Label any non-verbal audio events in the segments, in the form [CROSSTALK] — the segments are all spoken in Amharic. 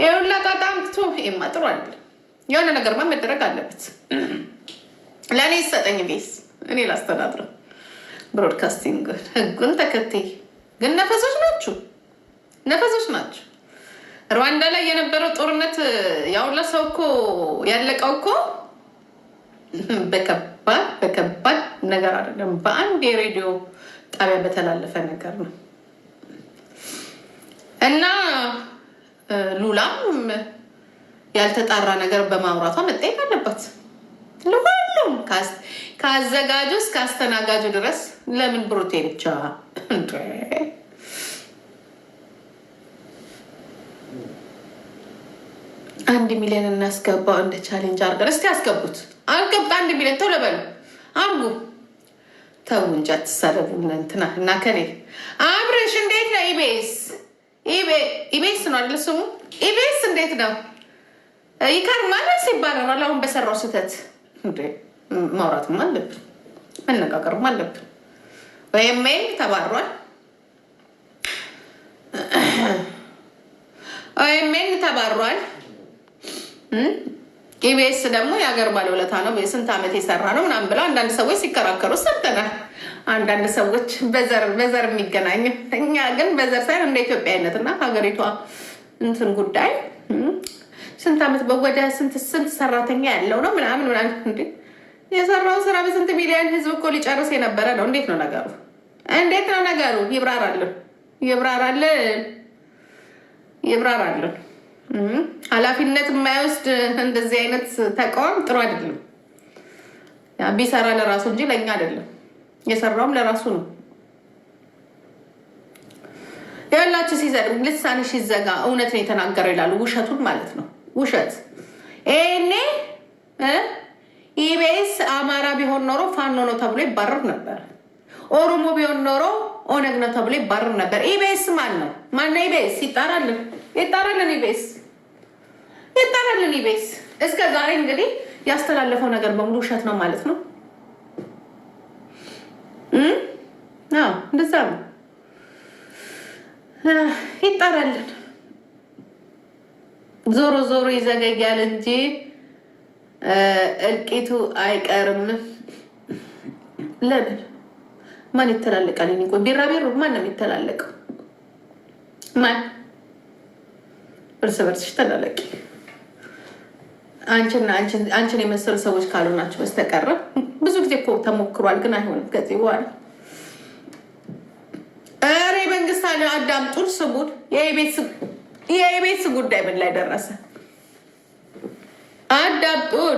ይሁላ ጣጣም ትቶ ይማ ጥሩ አለ። የሆነ ነገርማ መደረግ አለበት። ለእኔ ይሰጠኝ ቤስ እኔ ላስተዳድረው። ብሮድካስቲንግ ህጉን ተከትይ ግን ነፈሶች ናችሁ፣ ነፈሶች ናችሁ። ሩዋንዳ ላይ የነበረው ጦርነት ያውላ ሰው እኮ ያለቀው እኮ በከባድ በከባድ ነገር አይደለም፣ በአንድ የሬዲዮ ጣቢያ በተላለፈ ነገር ነው እና ሉላም ያልተጣራ ነገር በማውራቷ መጠየቅ አለበት። ለሁሉም ከአዘጋጁ እስከ አስተናጋጁ ድረስ ለምን ብሩቴ ብቻ አንድ ሚሊዮን እናስገባው እንደ ቻሌንጅ አርገን እስቲ ያስገቡት። አልገባ አንድ ሚሊዮን ተው ለበሉ አንዱ ተው እንጂ አትሰረቡ። እንትና እና ከኔ አብርሽ እንዴት ነው ኢቤስ ኢቤስ ነው አይደል ስሙ? ኢቤስ እንዴት ነው ይከርማል ይባረራል። አሁን በሰራው ስህተት ማውራትም አለብን መነጋገርም አለብን። ወይም ሜል ተባሯል፣ ወይም ሜል ተባሯል። ኢቤስ ደግሞ የሀገር ባለውለታ ነው፣ የስንት ዓመት የሰራ ነው ምናምን ብለው አንዳንድ ሰዎች ሲከራከሩ ሰምተናል። አንዳንድ ሰዎች በዘር በዘር የሚገናኝ እኛ ግን በዘር ሳይሆን እንደ ኢትዮጵያዊነት እና ሀገሪቷ እንትን ጉዳይ ስንት ዓመት በወደ ስንት ስንት ሰራተኛ ያለው ነው ምናምን ምናምን እንዴ የሰራው ስራ በስንት ሚሊዮን ህዝብ እኮ ሊጨርስ የነበረ ነው። እንዴት ነው ነገሩ? እንዴት ነው ነገሩ? ይብራራልን፣ ይብራራልን፣ ይብራራልን። ኃላፊነት የማይወስድ እንደዚህ አይነት ተቃዋም ጥሩ አይደለም። ቢሰራ ለራሱ እንጂ ለእኛ አይደለም። የሰራውም ለራሱ ነው። ያላችሁ ሲዘርም ልሳንሽ ይዘጋ፣ እውነት የተናገረ ይላሉ። ውሸቱን ማለት ነው። ውሸት ይሄኔ ኢቢኤስ አማራ ቢሆን ኖሮ ፋኖ ነው ተብሎ ይባረር ነበር። ኦሮሞ ቢሆን ኖሮ ኦነግ ነው ተብሎ ይባረር ነበር። ኢቢኤስ ማን ነው? ማን ኢቢኤስ? ይጣራልን፣ ይጣራልን፣ ኢቢኤስ ይጣራልን፣ ኢቢኤስ። እስከ ዛሬ እንግዲህ ያስተላለፈው ነገር በሙሉ ውሸት ነው ማለት ነው። እንደዛ ነው። ይጣራልን። ዞሮ ዞሮ ይዘገያል እንጂ እልቂቱ አይቀርም። ለምን ማን ይተላለቃል? ኔ ቢራቢሮ ማን ነው የሚተላለቀው? ማን እርስ በርስሽ ተላለቂ አንቺን የመሰሉ ሰዎች ካልሆናችሁ በስተቀረ ብዙ ጊዜ እኮ ተሞክሯል፣ ግን አይሆንም። ከዚህ በኋላ ሬ መንግስት አለ አዳምጡን፣ ስሙን። የኢቢኤስ ጉዳይ ምን ላይ ደረሰ? ጡር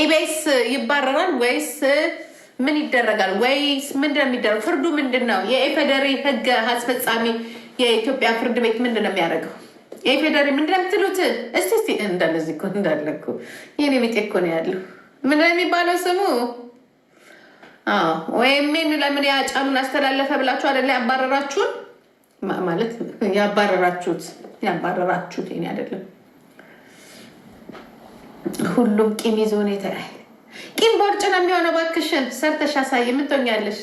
ኢቤስ ይባረራል ወይስ ምን ይደረጋል? ወይስ ምንድን ነው ፍርዱ ምንድን ነው? የኢፌዴሪ ህግ አስፈጻሚ የኢትዮጵያ ፍርድ ቤት ምንድን ነው የሚያደርገው? የፌደሪ ምንድን ነው የምትሉት? እስቲ እስቲ እንዳለዚ እንዳለ ይህኔ ቢጤ እኮ ነው ያለው። ምንድን ነው የሚባለው ስሙ ወይም ሜኑ ለምን ያጫኑን አስተላለፈ ብላችሁ አደለ ያባረራችሁን ማለት ያባረራችሁት ያባረራችሁት ይኔ አደለም። ሁሉም ቂም ይዞ ነው የተለያየ ቂም ቦርጭ ነው የሚሆነው። እባክሽን ሰርተሽ አሳይ። ምን ትሆኛለሽ?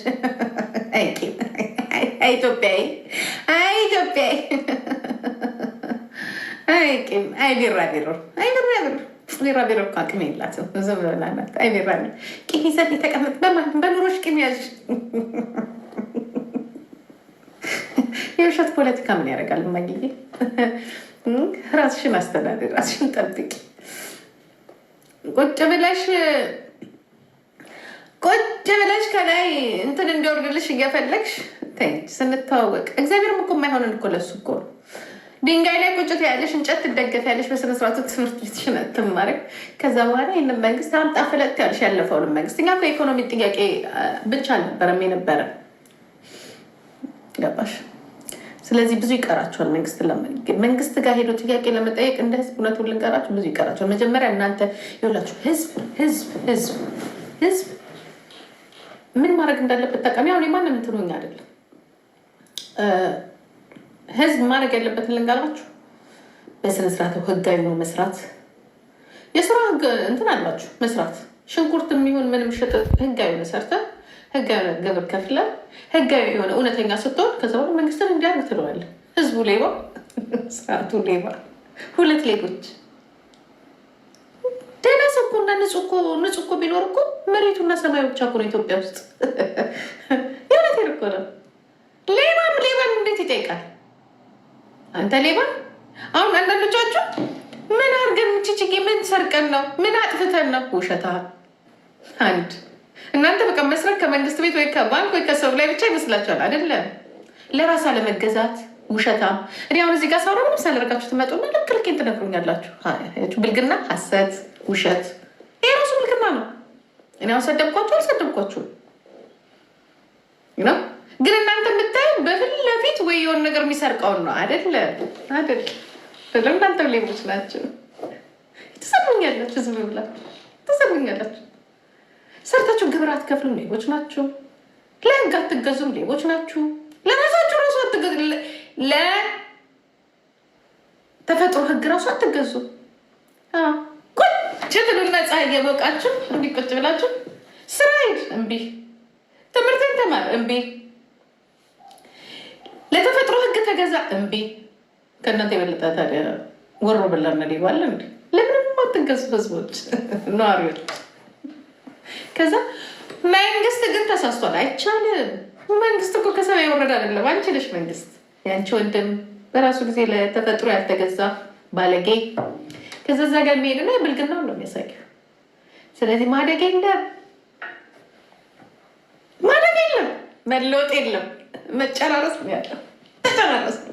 ኢትዮጵያ ኢትዮጵያዬ፣ አይ ቢራቢሮ አይ ቢራቢሮ ቢራቢሮ እኮ አቅም የላትም። ዝም ብላ አይ ቢራቢሮ ቂም ይዘን የተቀመጥ በምሮች ቂም ያዝሽ። የውሸት ፖለቲካ ምን ያደርጋል? ማግዬ ራስሽን አስተዳደር፣ ራስሽን ጠብቂ። ቁጭ ብለሽ ቁጭ ብለሽ ከላይ እንትን እንዲወርድልሽ እየፈለግሽ ስንተዋወቅ እግዚአብሔርም እኮ የማይሆንን እኮ ለሱ እኮ ነው ድንጋይ ላይ ቁጭ ያለሽ እንጨት ትደገፊያለሽ። በስነስርዓቱ ትምህርት ቤትሽን ትማሪ። ከዛ በኋላ ይህንን መንግስት አምጣ ፍለጥ ያለሽ ያለፈውን መንግስት እኛ የኢኮኖሚ ጥያቄ ብቻ አልነበረም የነበረ ገባሽ። ስለዚህ ብዙ ይቀራቸዋል። መንግስት መንግስት ጋር ሄዶ ጥያቄ ለመጠየቅ እንደ ህዝብ እውነቱን ልንገራችሁ ብዙ ይቀራቸዋል። መጀመሪያ እናንተ ይኸውላችሁ ህዝብ ህዝብ ህዝብ ህዝብ ምን ማድረግ እንዳለበት ጠቃሚ አሁን ማንም ትኖኛ አይደለም ህዝብ ማድረግ ያለበትን ልንገራችሁ። በስነስርዓት ህጋዊ ነው መስራት። የስራ እንትን አላችሁ መስራት ሽንኩርት የሚሆን ምንም ሽጥ ህጋዊ ነው ሰርተህ ህጋዊ ግብር ከፍለ ህጋዊ የሆነ እውነተኛ ስትሆን ከዛ መንግስትን እንዲያርግ ትለዋል። ህዝቡ ሌባ፣ ስርዓቱ ሌባ፣ ሁለት ሌቦች። ደህና ሰው እኮ እና ንጹህ እኮ ንጹህ እኮ ቢኖር እኮ መሬቱና ሰማዩ ብቻ እኮ ነው ኢትዮጵያ ውስጥ። የእውነቴን እኮ ነው። ሌባም ሌባም እንዴት ይጠይቃል? አንተ ሌባ! አሁን አንዳንዶቻችሁ ምን አድርገን ችችጌ፣ ምን ሰርቀን ነው? ምን አጥፍተን ነው? ውሸታ አንድ እናንተ በቃ መስረት ከመንግስት ቤት ወይ ከባንክ ወይ ከሰው ላይ ብቻ ይመስላችኋል። አይደለም፣ ለራስ አለመገዛት ውሸታ እኔ አሁን እዚህ ጋር ሳውራ ምንም ሳላደርጋችሁ ትመጡና ልክ ልኬን ትነግሩኛላችሁ። ብልግና፣ ሀሰት ውሸት ይሄ ራሱ ብልግና ነው። እኔ አሁን ሰደብኳችሁ አልሰደብኳችሁም ነው ግን እናንተ የምታየው በፊት ለፊት ወይ የሆን ነገር የሚሰርቀውን ነው አደለ አደለ። በደም እናንተ ሌቦች ናቸው። ትሰሙኛላችሁ፣ ዝም ብላችሁ ትሰሙኛላችሁ። ሰርታችሁ ግብር አትከፍሉም፣ ሌቦች ናችሁ። ለህግ አትገዙም፣ ሌቦች ናችሁ። ለራሳችሁ ራሱ አትገዙ፣ ለተፈጥሮ ህግ ራሱ አትገዙ። ቁጭ ትሉና ፀሐይ የበቃችሁ እንዲህ ብላችሁ ስራ ሂድ እምቢ፣ ትምህርትን ተማር እምቢ ለተፈጥሮ ህግ ተገዛ እምቢ። ከእናንተ የበለጠ ታዲያ ወሮ በላ ነዲባለ እንዲ ለምንም አትንገሱ ህዝቦች፣ [LAUGHS] ነዋሪዎች። ከዛ መንግስት ግን ተሳስቷል፣ አይቻልም። መንግስት እኮ ከሰማይ የወረደ አይደለም። አንቺ ነሽ መንግስት፣ ያንቺ ወንድም በራሱ ጊዜ ለተፈጥሮ ያልተገዛ ባለጌ። ከዛ እዛ ጋር የሚሄድና ብልግናው ነው የሚያሳየው። ስለዚህ ማደግ የለም ማደግ የለም መለወጥ የለም። መጨራረስ ነው ያለው። ተጨራረስ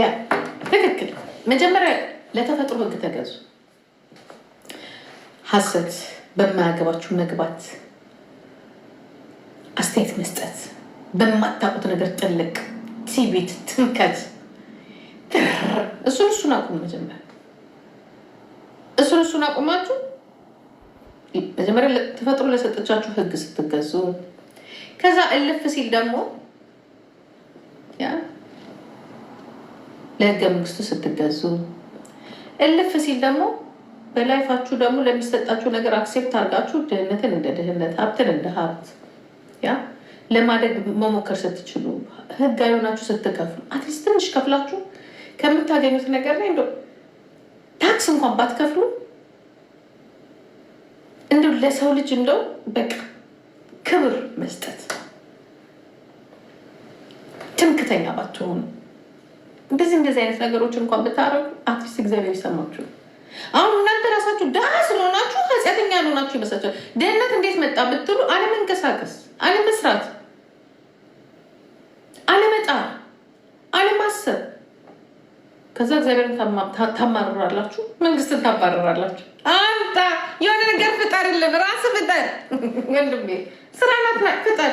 ያ ትክክል። መጀመሪያ ለተፈጥሮ ህግ ተገዙ። ሀሰት በማያገባችሁ መግባት፣ አስተያየት መስጠት፣ በማታውቁት ነገር ጥልቅ ቤት ትንከት እሱን እሱን አቁም። መጀመሪያ እሱን እሱን አቁማችሁ መጀመሪያ ተፈጥሮ ለሰጠቻችሁ ህግ ስትገዙ ከዛ እልፍ ሲል ደግሞ ለህገ መንግስቱ ስትገዙ እልፍ ሲል ደግሞ በላይፋችሁ ደግሞ ለሚሰጣችሁ ነገር አክሴፕት አድርጋችሁ ድህነትን እንደ ድህነት፣ ሀብትን እንደ ሀብት ለማደግ መሞከር ስትችሉ ህጋዊ ሆናችሁ ስትከፍሉ አትሊስት ትንሽ ከፍላችሁ ከምታገኙት ነገር ላይ እንደው ታክስ እንኳን ባትከፍሉ እንደው ለሰው ልጅ እንደው በቃ ክብር መስጠት ትምክተኛ ባትሆኑ እንደዚህ እንደዚህ አይነት ነገሮች እንኳን ብታረጉ አትሊስት እግዚአብሔር ይሰማችሁ። አሁን እናንተ ራሳችሁ ድሃ ስለሆናችሁ ኃጢአተኛ ያልሆናችሁ ይመስላችኋል። ደህንነት እንዴት መጣ ብትሉ አለመንቀሳቀስ፣ አለመስራት መጣር አለማሰብ። ከዛ እግዚአብሔርን ታማርራላችሁ፣ መንግስትን ታባረራላችሁ። አንተ የሆነ ነገር ፍጠር፣ የለም ራስህ ፍጠር ወንድሜ፣ ስራ ናት ፍጠር፣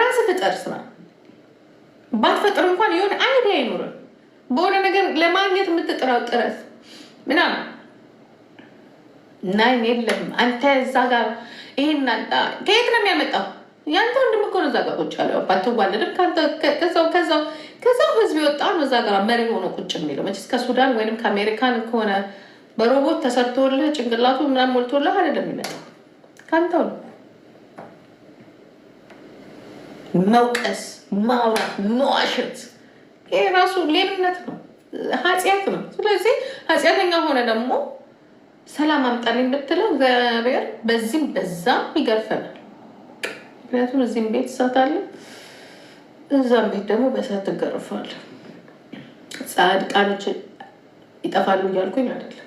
ራስህ ፍጠር ስራ። ባትፈጥር እንኳን የሆነ አይዲያ አይኖርም። በሆነ ነገር ለማግኘት የምትጥረው ጥረት ምናምን ናይን የለም። አንተ እዛ ጋር ይሄን ከየት ነው የሚያመጣው? ያንተ ወንድም እኮ ነው እዛ ጋር ቁጭ ያለው። ባትዋለድም ከዛው ከዛው ከዛው ህዝብ የወጣ ነው እዛ ጋር መሪ ሆኖ ቁጭ የሚለው መቼስ ከሱዳን ወይንም ከአሜሪካን ከሆነ በሮቦት ተሰርቶልህ ጭንቅላቱ ምናምን ሞልቶልህ አይደለም የሚመጣው ከአንተው ነው። መውቀስ፣ ማውራት፣ መዋሸት ይሄ ራሱ ሌብነት ነው፣ ኃጢአት ነው። ስለዚህ ኃጢአተኛ ሆነ ደግሞ ሰላም አምጣልኝ ብትለው እግዚአብሔር በዚህም በዛም ይገርፈናል። ምክንያቱም እዚህም ቤት እሳት አለ፣ እዛም ቤት ደግሞ በእሳት ትገርፋለህ። ጻድቃኖች ይጠፋሉ እያልኩኝ አይደለም።